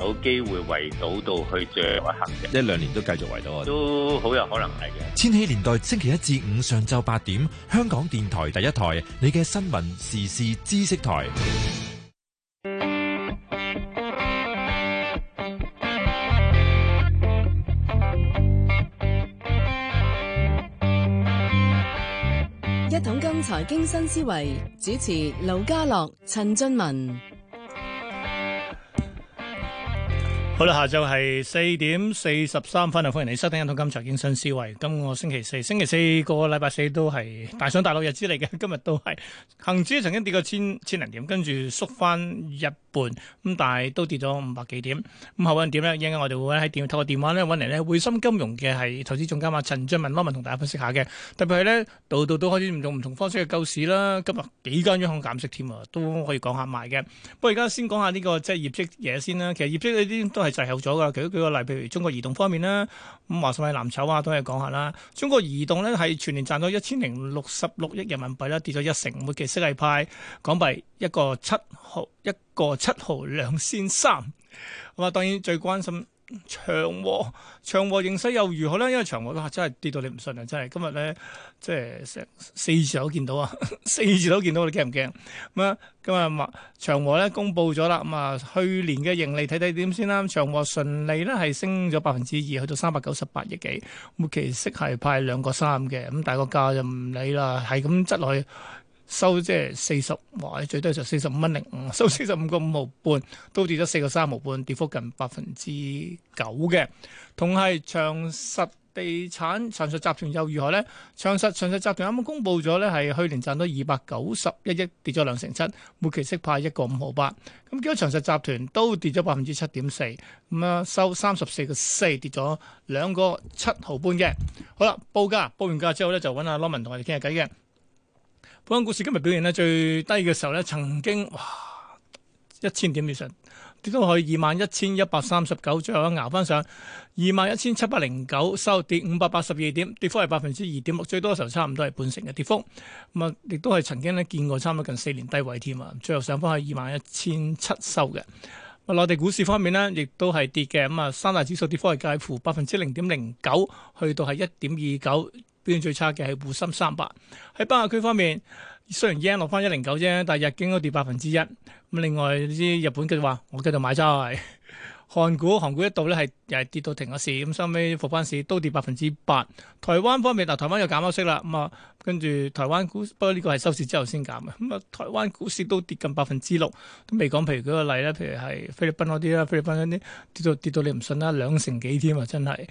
有機會圍堵到去最後一刻嘅，一兩年都繼續圍堵，都好有可能係嘅。千禧年代星期一至五上晝八點，香港電台第一台，你嘅新聞時事知識台。一桶金財經新思維主持樂：劉家樂、陳俊文。好啦，下晝係四點四十三分啊！歡迎你收聽《一通金財經新思維》。今個星期四、星期四個禮拜四都係大上大落日子嚟嘅。今日都係恒指曾經跌過千千零點，跟住縮翻一半，咁但係都跌咗五百幾點。咁後邊點咧？依家我哋會喺電透過電話咧揾嚟呢匯深金融嘅係投資總監阿陳俊文攞嚟同大家分析下嘅。特別係咧度度都開始唔同唔同方式嘅救市啦。今日幾間央行減息添啊，都可以講下賣嘅。不過而家先講下呢、這個即係業績嘢先啦。其實業績呢啲都係～滯後咗噶，舉舉個例，譬如中國移動方面啦，咁華信係藍籌啊，都係講下啦。中國移動咧係全年賺咗一千零六十六億人民幣啦，跌咗一成，末嘅息禮，派港幣一個七毫一個七毫兩仙三。咁啊，當然最關心。長和，長和形勢又如何呢？因為長和啦真係跌到你唔信啊！真係今日呢，即係成四字都見到啊，四字都見到你驚唔驚？咁、嗯、啊今日長和呢公布咗啦，咁、嗯、啊去年嘅盈利睇睇點先啦。長和純利呢係升咗百分之二，去到三百九十八億幾，末期息係派兩個三嘅，咁但係個價就唔理啦，係咁執落去。收即係四十，或者最低就四十五蚊零五，收四十五個五毫半，都跌咗四個三毫半，跌幅近百分之九嘅。同係長實地產長實集團又如何咧？長實長實集團啱啱公布咗咧，係去年賺到二百九十一億，跌咗兩成七，每期息派一個五毫八。咁結果長實集團都跌咗百分之七點四，咁啊收三十四個四，跌咗兩個七毫半嘅。好啦，報價報完價之後咧，就揾阿羅文同我哋傾下偈嘅。本港股市今日表現咧，最低嘅時候咧，曾經哇一千點以上，跌到去二萬一千一百三十九，最後咬返上二萬一千七百零九收，跌五百八十二點，跌幅係百分之二點六，最多嘅時候差唔多係半成嘅跌幅。咁啊，亦都係曾經咧見過差唔多近四年低位添啊，最後上方係二萬一千七收嘅。內地股市方面咧，亦都係跌嘅，咁啊三大指數跌幅係介乎百分之零點零九去到係一點二九。最差嘅係滬深三百。喺北亞區方面，雖然 yen 落翻一零九啫，但係日經都跌百分之一。咁另外呢啲日本繼續話，我繼續買債。 韓股韓股一度咧係又係跌到停咗市。咁收尾復翻市都跌百分之八。台灣方面，嗱台灣又減咗息啦，咁啊跟住台灣股市，不過呢個係收市之後先減嘅。咁、嗯、啊，台灣股市都跌近百分之六，都未講譬。譬如嗰個例咧，譬如係菲律賓嗰啲啦，菲律賓嗰啲跌到跌到你唔信啦，兩成幾添啊，真係。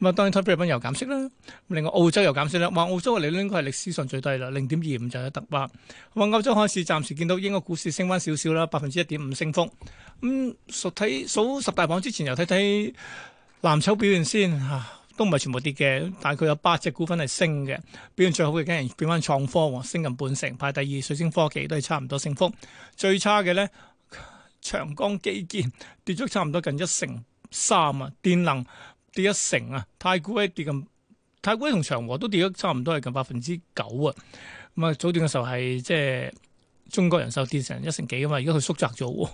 咁啊，當然，睇菲律賓又減息啦。另外，澳洲又減息啦。話澳洲嘅利率應該係歷史上最低啦，零點二五就係特巴話澳洲開始，暫時見到英國股市升翻少少啦，百分之一點五升幅。咁睇數十大榜之前，又睇睇藍籌表現先嚇，都唔係全部跌嘅，大概有八隻股份係升嘅。表現最好嘅梗係變翻創科喎，升近半成，排第二水晶科技都係差唔多升幅。最差嘅咧，長江基建跌咗差唔多近一成三啊，電能。跌一成啊！太古威跌咁，太古威同長和都跌咗差唔多係近百分之九啊！咁啊早段嘅時候係即係中國人壽跌成一成幾啊嘛，而家佢縮窄咗喎。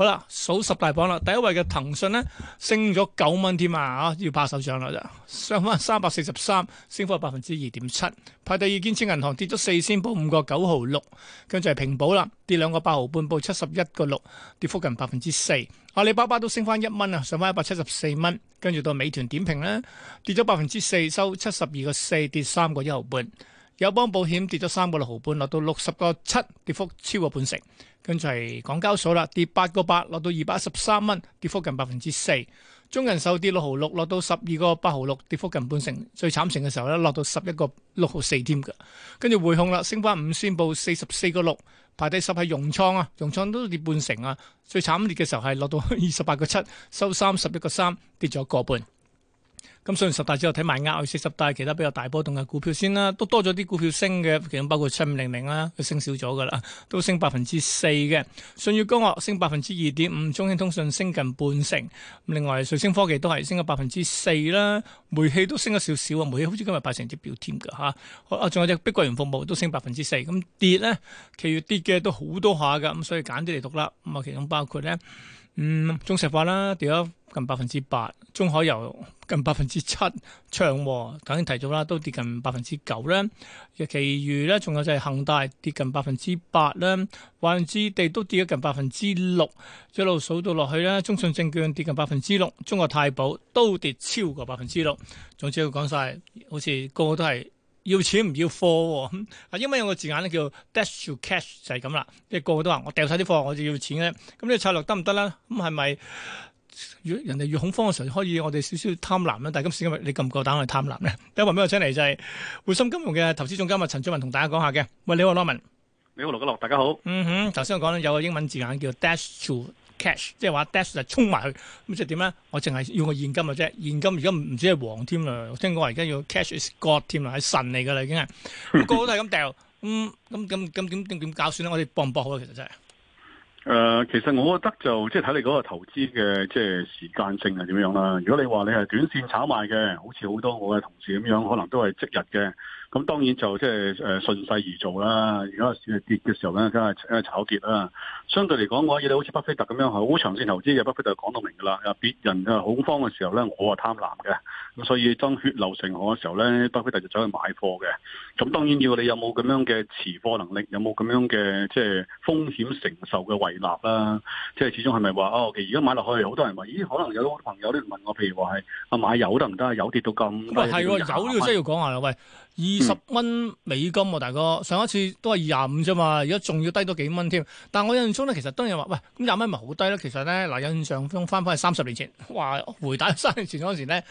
好啦，數十大榜啦。第一位嘅騰訊咧升咗九蚊添啊，啊要拍手掌啦，就、啊、上翻，三百四十三，升幅百分之二點七。排第二，建設銀行跌咗四仙報，五個九毫六，跟住係平保啦，跌兩個八毫半，報七十一個六，跌幅近百分之四。阿里巴巴都升翻一蚊啊，上翻一百七十四蚊，跟住到美團點評呢，跌咗百分之四，收七十二個四，跌三個一毫半。友邦保險跌咗三個六毫半，落到六十個七，跌幅超過半成。跟住係港交所啦，跌八個八，落到二百一十三蚊，跌幅近百分之四。中銀手跌六毫六，落到十二個八毫六，跌幅近半成。最慘情嘅時候咧，落到十一個六毫四添嘅。跟住匯控啦，升翻五仙，報四十四個六，排第十係融創啊，融創都跌半成啊。最慘烈嘅時候係落到二十八個七，收三十一個三，跌咗個半。咁上完十大之後睇埋額外，四十大其他比較大波動嘅股票先啦，都多咗啲股票升嘅，其中包括七五零零啦，佢升少咗噶啦，都升百分之四嘅。舜宇光學升百分之二點五，中興通訊升近半成，另外瑞星科技都係升咗百分之四啦，煤氣都升咗少少。煤氣好似今日八成只表添噶吓，仲、啊、有隻碧桂園服務都升百分之四，咁、嗯、跌咧，其餘跌嘅都好多下噶，咁所以揀啲嚟讀啦，咁啊，其中包括咧。嗯，中石化啦跌咗近百分之八，中海油近百分之七，長和，剛剛提到啦，都跌近百分之九啦。其餘咧仲有就係恒大跌近百分之八啦，華潤置地都跌咗近百分之六，一路數到落去啦，中信證券跌近百分之六，中國太保都跌超過百分之六。總之，要講晒，好似個個都係。要錢唔要貨喎、哦，啊英文有個字眼咧叫 dash to cash 就係咁啦，即係個個都話我掉晒啲貨，我就要錢咧。咁呢個策略得唔得咧？咁係咪越人哋越恐慌嘅時候，可以我哋少少貪婪咧？但係今時今日你夠唔夠膽去貪婪咧？第一位畀我請嚟就係匯信金融嘅投資總監啊陳俊文同大家講下嘅。喂，你好羅文，你好劉家樂，大家好。嗯哼，頭先我講咧有個英文字眼叫 dash to cash 即係話 Dash 就沖埋佢，咁即係點咧？我淨係用個現金嘅啫，現金而家唔唔止係黃添啦、 嗯，我聽講而家要 cash is god 添啦，係神嚟噶啦已經係，個個都係咁掉，咁咁咁咁點點點搞算咧？我哋博唔搏？好啊？其實真、就、係、是，誒、呃，其實我覺得就即係睇你嗰個投資嘅即係時間性係點樣啦。如果你話你係短線炒賣嘅，好似好多我嘅同事咁樣，可能都係即日嘅。咁當然就即係誒順勢而做啦。而家跌嘅時候咧，梗係炒跌啦。相對嚟講我話，嘢你好似巴菲特咁樣，係好長線投資嘅。巴菲特講到明㗎啦。啊，別人啊恐慌嘅時候咧，我係貪婪嘅。咁所以當血流成河嘅時候咧，巴菲特就走去買貨嘅。咁當然要你有冇咁樣嘅持貨能力，有冇咁樣嘅即係風險承受嘅韋納啦。即係始終係咪話啊？哦，而家買落去，好多人問，咦？可能有啲朋友都問我，譬如話係啊，買油得唔得啊？油跌到咁。喂，嗯，係油呢個真係要講下啦。喂。二十蚊美金喎，啊，大哥，上一次都係廿五啫嘛，而家仲要低多幾蚊添。但我印象中咧，其實當然話，喂，咁廿蚊咪好低咯。其實咧，嗱，印象中翻翻去三十年前，話回打三十年前嗰陣時咧，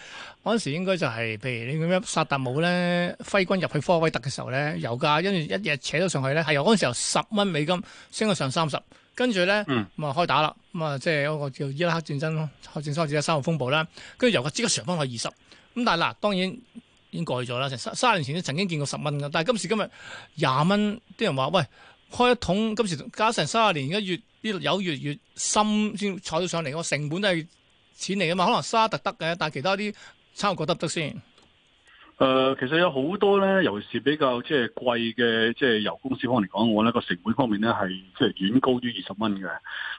嗰陣時應該就係、是，譬如你咁樣，薩達姆咧揮軍入去科威特嘅時候咧，油價跟住一日扯咗上去咧，係由嗰陣時候由十蚊美金升到上三十，跟住咧，咁啊開打啦，咁啊即係一個叫伊拉克戰爭咯，戰爭開始啦，三號風暴啦，跟住油價即刻上翻去二十。咁但係嗱，當然。已經過去咗啦，成三十年前曾經見過十蚊㗎，但係今時今日廿蚊，啲人話喂開一桶，今時加成三十年，而家呢度有越越深先踩到上嚟，個成本都係錢嚟㗎嘛，可能沙特得嘅，但係其他啲差唔多得唔得先？誒、呃，其實有好多咧，尤其是比較即係貴嘅，即係油公司方嚟講，我咧個成本方面呢係即係遠高於二十蚊嘅。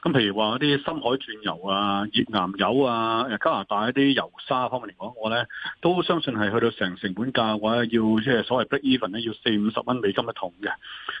咁譬如話啲深海鑽油啊、頁岩油啊、加拿大一啲油砂方面嚟講，我咧都相信係去到成成本價嘅話，要即係所謂 break even 咧，要四五十蚊美金一桶嘅。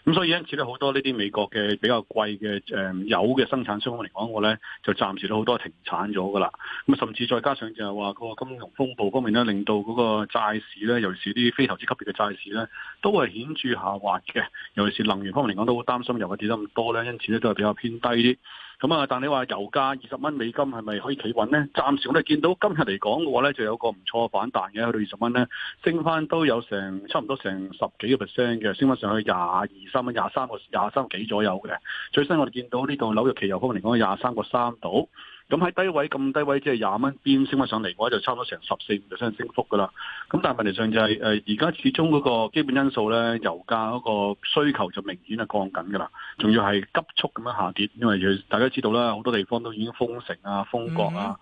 咁所以因此咧，好多呢啲美國嘅比較貴嘅誒、呃、油嘅生產商方面嚟講，我咧就暫時都好多停產咗噶啦。咁甚至再加上就係話嗰個金融風暴方面咧，令到嗰個債市咧。尤其是啲非投資級別嘅債市咧，都係顯著下滑嘅。尤其是能源方面嚟講，都好擔心油價跌得咁多咧，因此咧都係比較偏低啲。咁啊，但你話油價二十蚊美金係咪可以企穩咧？暫時我哋見到今日嚟講嘅話咧，就有個唔錯嘅反彈嘅，去到二十蚊咧，升翻都有成差唔多成十幾個 percent 嘅，升翻上去廿二三蚊、廿三個、廿三個幾左右嘅。最新我哋見到呢度紐約期油方面嚟講，廿三個三度。咁喺低位，咁低位即係廿蚊邊升翻上嚟嘅話，就差唔多成十四 percent 升幅噶啦。咁但係問題上就係、是，誒而家始終嗰個基本因素咧，油價嗰個需求就明顯係降緊噶啦，仲要係急速咁樣下跌，因為大家知道啦，好多地方都已經封城啊、封國啊，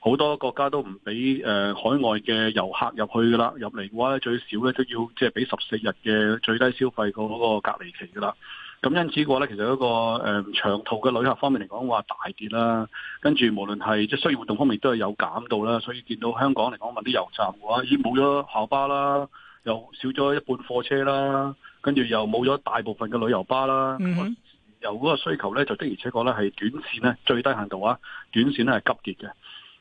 好、mm hmm. 多國家都唔俾誒海外嘅遊客入去噶啦，入嚟嘅話咧，最少咧都要即係俾十四日嘅最低消費嗰個隔離期噶啦。咁因此嘅話咧，其實一個誒、呃、長途嘅旅客方面嚟講話大跌啦，跟住無論係即係需要活動方面都係有減到啦，所以見到香港嚟講話啲油站嘅話已經冇咗校巴啦，又少咗一半貨車啦，跟住又冇咗大部分嘅旅遊巴啦，mm hmm. 由嗰個需求咧就的而且確咧係短線咧最低限度啊，短線咧係急跌嘅。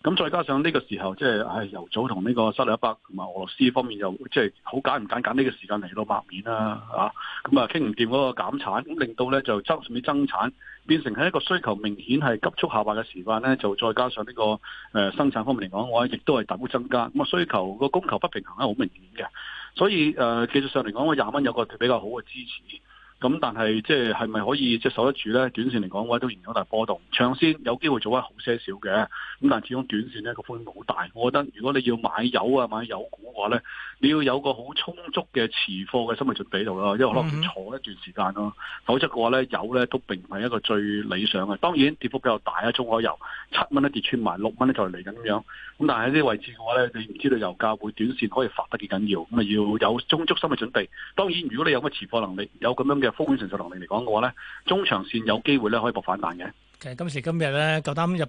咁再加上呢個時候，即、哎、係油組同呢個沙地阿拉伯同埋俄羅斯方面又即係好揀唔揀揀呢個時間嚟到擘面啦、啊，啊，咁啊傾唔掂嗰個減產，咁令到咧就增甚至增產，變成喺一個需求明顯係急速下滑嘅時間咧，就再加上呢、這個誒、呃、生產方面嚟講，我亦都係大幅增加，咁啊需求個供求不平衡咧好明顯嘅，所以誒、呃、技術上嚟講，我廿蚊有個比較好嘅支持。咁但係即係係咪可以即係守得住咧？短線嚟講嘅話，都仍然有大波動。長線有機會做翻好些少嘅。咁但係始終短線咧個風險好大。我覺得如果你要買油啊買油股嘅話咧，你要有個好充足嘅持貨嘅心理準備度咯，因為可能坐一段時間咯。否則嘅話咧，油咧都並唔係一個最理想嘅。當然跌幅比較大啊，中海油七蚊一跌穿埋六蚊咧就嚟緊咁樣。咁但係呢個位置嘅話咧，你唔知道油價會短線可以發得幾緊要，咁啊要有充足心理準備。當然如果你有個持貨能力，有咁樣嘅。風險承受能力嚟講嘅話咧，中長線有機會咧可以博反彈嘅。其實今時今日咧，夠膽入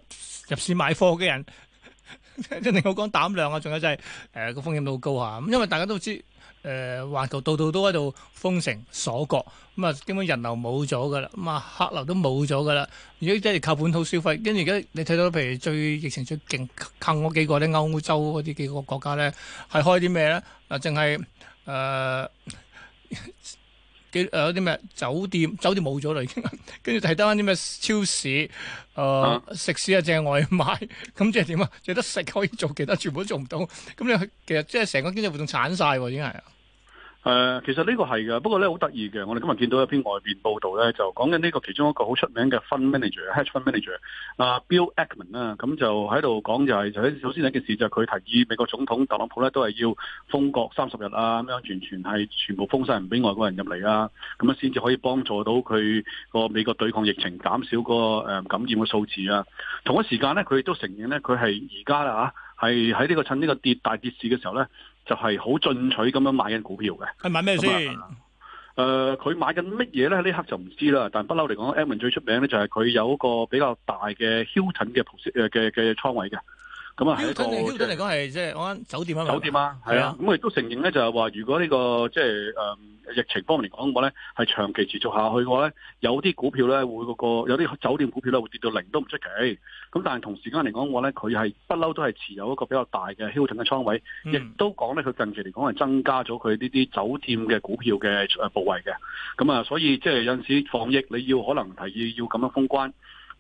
入市買貨嘅人， 真係好講膽量啊！仲有就係誒個風險都好高嚇。咁因為大家都知誒，呃、環球度度都喺度封城鎖國，咁啊，基本人流冇咗噶啦，咁啊，客流都冇咗噶啦。如果真係靠本土消費，跟住而家你睇到，譬如最疫情最勁，靠嗰幾個咧歐洲嗰啲幾個國家咧，係開啲咩咧？嗱，淨係誒。 嘅啲咩酒店，酒店冇咗啦已經，跟住睇得翻啲咩超市誒、呃啊、食肆啊淨係外賣， 咁即係點啊？淨係得食可以做，其他全部都做唔到、 嗯。咁你其實即係成個經濟活動鏟晒喎，已經係。誒、呃，其實呢個係嘅，不過咧，好得意嘅，我哋今日見到一篇外邊報道咧，就講緊呢個其中一個好出名嘅 fund manager，hedge fund manager 啊 Bill Ackman 啦、啊，咁就喺度講就係，就喺、就是、首先第一件事就佢提議美國總統特朗普咧都係要封國三十日啊，咁樣完全係全，全部封晒唔俾外國人入嚟啊，咁樣先至可以幫助到佢個美國對抗疫情減少個誒感染嘅數字啊。同一時間咧，佢亦都承認咧，佢係而家啦吓。係喺呢個趁呢個跌大跌市嘅時候呢，就係好進取咁樣買緊股票嘅。係、嗯呃、買咩先？佢買緊乜嘢呢？呢刻就唔知啦。但不嬲嚟講，Edmond 最出名呢，就係佢有一個比較大嘅消震嘅盤誒嘅嘅倉位嘅。Hilton 嚟講係即係嗰間酒店吧啊，酒店啊，係啊，咁亦都承認咧，就係話如果呢、這個即係誒、嗯、疫情方面嚟講嘅話咧，係長期持續下去嘅話咧，有啲股票咧會嗰個有啲酒店股票咧會跌到零都唔出奇。咁但係同時間嚟講嘅話咧，佢係不嬲都係持有一個比較大嘅 Hilton 嘅倉位，亦都講咧佢近期嚟講係增加咗佢呢啲酒店嘅股票嘅誒部位嘅。咁、嗯、啊，所以即係有陣時防疫你要可能提議要咁樣封關。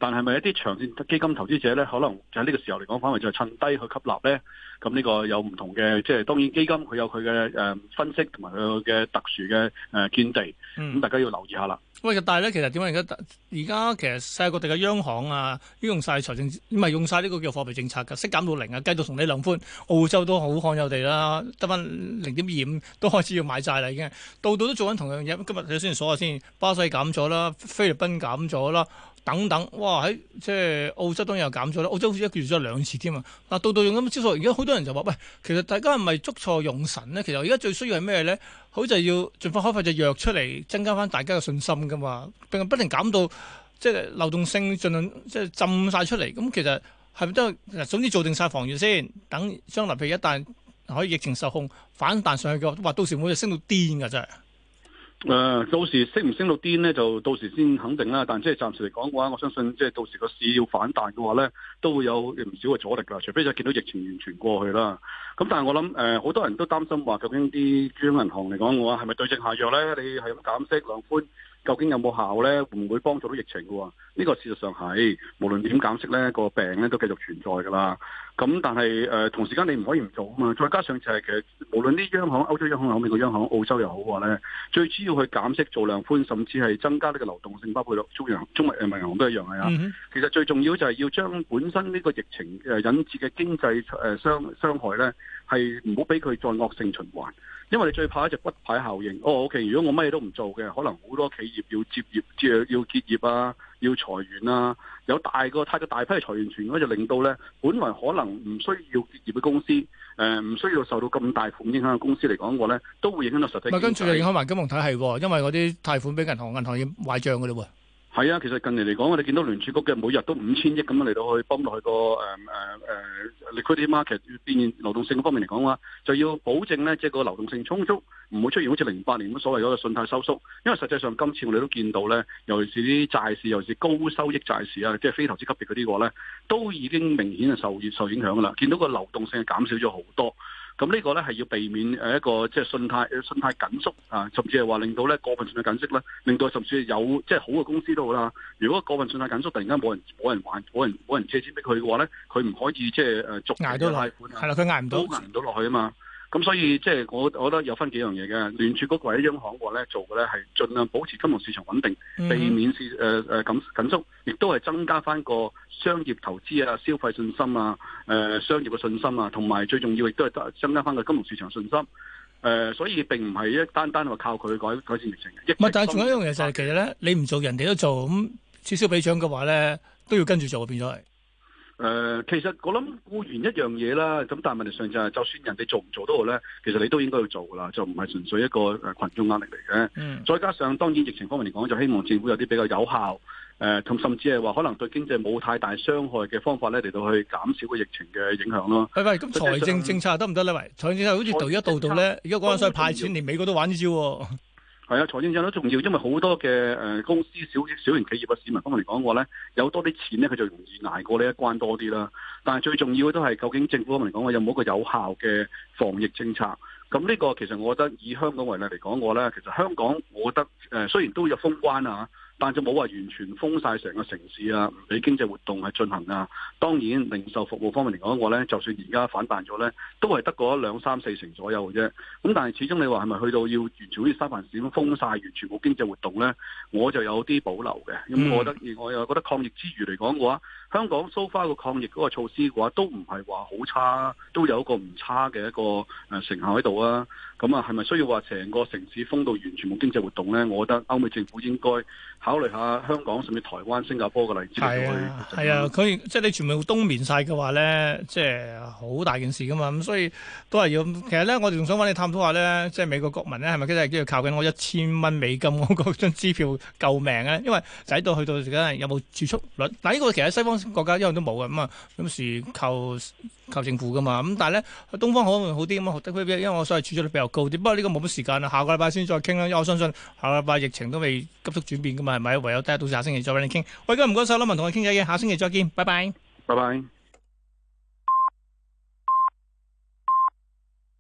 但係，咪一啲長線基金投資者咧，可能就喺呢個時候嚟講，反為就趁低去吸納咧。咁呢個有唔同嘅，即係當然基金佢有佢嘅誒分析同埋佢嘅特殊嘅誒見地。咁、呃、大家要留意下啦、嗯。喂，但係咧，其實點解而家而家其實世界各地嘅央行啊，用晒財政唔係用晒呢個叫貨幣政策嘅息減到零啊，繼續同你量寬，澳洲都好罕有地啦，得翻零點二五都開始要買債啦，已經。度度都做緊同樣嘢。今日先數下先，巴西減咗啦，菲律賓減咗啦。等等，哇！喺即係澳洲當然又減咗啦，澳洲好似一個月咗兩次添啊！嗱，到到用咁嘅招數，而家好多人就話：喂，其實大家係咪捉錯用神咧？其實而家最需要係咩咧？好就要盡快開發隻藥出嚟，增加翻大家嘅信心噶嘛。並不停減到即係流動性盡量，盡即係浸晒出嚟。咁、嗯、其實係咪都總之做定晒防禦先，等將來譬如一旦可以疫情受控，反彈上去嘅話，到時會唔會升到癲㗎？真係。誒、呃、到時升唔升到癲咧，就到時先肯定啦。但即係暫時嚟講嘅話，我相信即係到時個市要反彈嘅話咧，都會有唔少嘅阻力㗎。除非就見到疫情完全過去啦。咁、嗯、但係我諗誒，好、呃、多人都擔心話究竟啲中央銀行嚟講嘅話係咪對症下藥咧？你係咁減息量寬。究竟有冇效咧？會唔會幫助到疫情嘅喎、啊？呢、這個事實上係無論點減息咧，個病咧都繼續存在噶啦。咁但係誒、呃，同時間你唔可以唔做啊嘛。再加上就係、是、其實無論啲央行、歐洲央行又美國央行、澳洲又好咧，最主要去減息做量寬，甚至係增加呢個流動性包括，中央、人民銀行都一樣啊。其實最重要就係要將本身呢個疫情誒、呃、引致嘅經濟誒傷傷害咧，係唔好俾佢再惡性循環。因為你最怕一隻骨牌效應。哦，OK，如果我乜嘢都唔做嘅，可能好多企業要接業、要要結業啊，要裁員啊。有大個貸嘅大批裁員傳嗰就令到咧，本來可能唔需要結業嘅公司，誒、呃、唔需要受到咁大款影響嘅公司嚟講嘅話咧，都會影響到實體經濟。咪跟住影響埋金融體系，因為嗰啲貸款俾銀行，銀行要壞帳嘅嘞喎。係啊，其實近年嚟講，我哋見到聯儲局嘅每日都五千億咁樣嚟到去幫落去個誒誒誒 liquidity market 變現流動性方面嚟講啊，就要保證咧，即係個流動性充足，唔會出現好似零八年咁所謂嗰個信貸收縮。因為實際上今次我哋都見到咧，尤其是啲債市，尤其是高收益債市啊，即係非投資級別嗰啲個咧，都已經明顯係受受影響㗎啦。見到個流動性係減少咗好多。咁呢個咧係要避免誒一個即係信貸、信貸緊縮啊，甚至係話令到咧過分信貸緊縮啦，令到甚至有即係、就是、好嘅公司都好啦。如果過分信貸緊縮，突然間冇人冇人還、冇人冇人、冇人借錢俾佢嘅話咧，佢唔可以即係誒逐漸捱款，係啦，佢捱唔到，到，都捱唔到落去啊嘛。咁、嗯、所以即係我，就是、我覺得有分幾樣嘢嘅。聯儲局喺央行嗰度咧做嘅咧係盡量保持金融市場穩定，避免是誒誒緊緊縮，亦都係增加翻個商業投資啊、消費信心啊、誒、呃、商業嘅信心啊，同埋最重要亦都係增加翻個金融市場信心。誒、呃、所以並唔係一單單話靠佢改改善疫情。嘅、嗯，唔係，但係仲有一樣嘢就係、是、但 其實咧，你唔做人哋都做咁，此消彼長嘅話咧，都要跟住做變咗。態。誒、呃，其實我諗固完一樣嘢啦，咁但係問題上就係、是，就算人哋做唔做都好咧，其實你都應該要做噶啦，就唔係純粹一個誒羣眾壓力嚟嘅。嗯，再加上當然疫情方面嚟講，就希望政府有啲比較有效，誒、呃、同甚至係話可能對經濟冇太大傷害嘅方法咧，嚟到去減少個疫情嘅影響咯。係係，咁財政政策得唔得咧？喂，財政政策好似度一度度咧，而家講緊所以派錢，連美國都玩呢招。係啊，財政上都重要，因為好多嘅誒公司、小小型企業嘅市民方面嚟講，過咧有多啲錢咧，佢就容易捱過呢一關多啲啦。但係最重要嘅都係，究竟政府方面嚟講，我有冇一個有效嘅防疫政策？咁呢個其實我覺得以香港為例嚟講，過咧其實香港，我覺得誒雖然都有封關啊。但就冇話完全封晒成個城市啊，唔俾經濟活動係進行啊。當然零售服務方面嚟講，我咧就算而家反彈咗咧，都係得個兩三四成左右嘅啫。咁但係始終你話係咪去到要完全好似三藩市咁封晒完全冇經濟活動咧？我就有啲保留嘅。咁我覺得，而我又覺得抗疫之餘嚟講嘅話，香港 so far 個抗疫嗰個措施嘅話，都唔係話好差，都有一個唔差嘅一個誒成效喺度啊。咁啊，係咪需要話成個城市封到完全冇經濟活動咧？我覺得歐美政府應該考慮下香港甚至台灣、新加坡嘅例子。係啊，佢、啊、即係你全部冬眠晒嘅話咧，即係好大件事噶嘛。咁所以都係要。其實咧，我哋仲想揾你探討下咧，即係美國國民咧，係咪基？係基？要靠緊我一千蚊美金嗰個張支票救命啊？因為仔到去到而家有冇儲蓄率？但呢個其實西方國家一樣都冇啊。咁啊，咁是靠靠政府噶嘛。咁但係咧，東方可能好啲咁啊，學得比較，因為我所謂儲蓄率比較。不過呢個冇乜時間啦，下個禮拜先再傾啦。因為我相信下個禮拜疫情都未急速轉變㗎嘛，係咪？唯有等下到時下星期再畀你傾。喂，今日唔該曬，林文同我傾偈嘅，下星期再見，拜拜，拜拜。